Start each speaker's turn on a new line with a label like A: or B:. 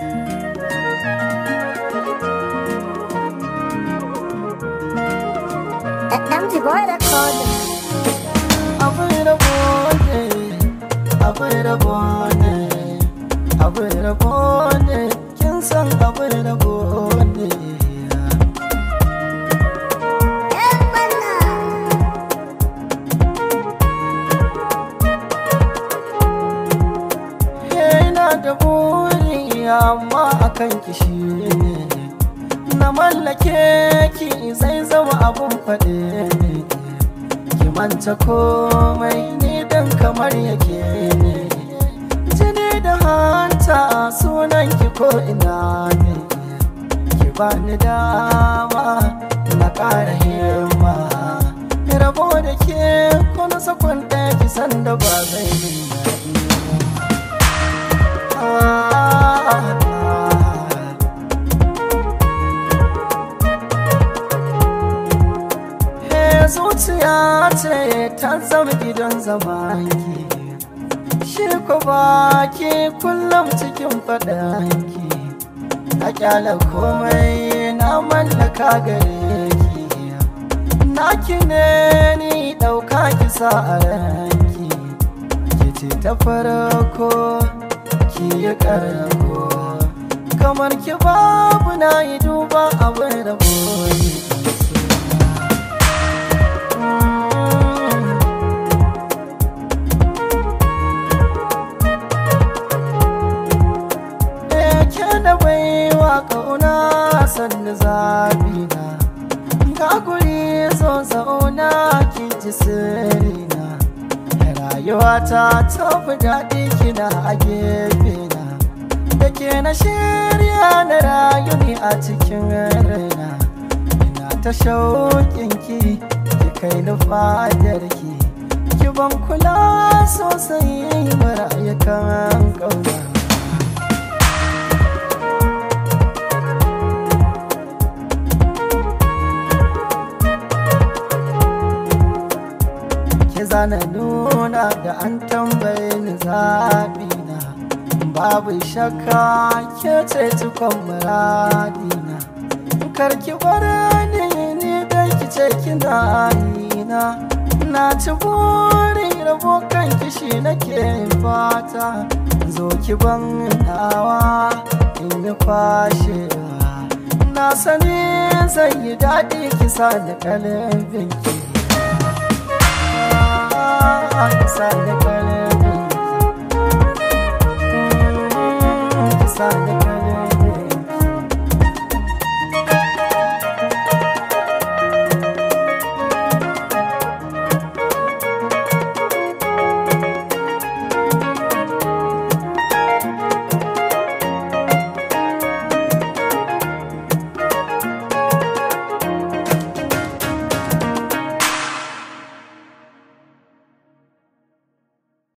A: I am the boy that calls. I put it up on I put it I amma akan kishi na mallake ki zai zama abun faɗe ki manta komai ni dan kamar yake ne jini da hanta sunan ki ko ina ne ki bani dama na ƙara himma rabo da ke kuna sakon ɗaya ki san da ba zai nuna ce ta zama gidan zamanki shi ku baki kullum cikin faɗanki a kyala komai na mallaka gare ki naki ne ni ɗauka ki sa a ranki ki ce ta farko ki yi ƙarako kamar ki babu na yi duba abin da boye sanna zabina ga guri so zauna kin ji na. rayuwa ta tafi daɗi kina a na da ke na shirya na rayu ne a cikin raina ina ta shauƙin ki ki kai na fadarki ki ban kula sosai mara yakan ƙauna zana nuna da an tambaye ni na babu shakka ke ce cikon muradina karki bare ni ne dan ki ce kina nina na ci buri rabo kan kishi nake fata zo ki ban nawa in yi kwashewa na sani zai yi daɗi kisa da kalin ki Sunday.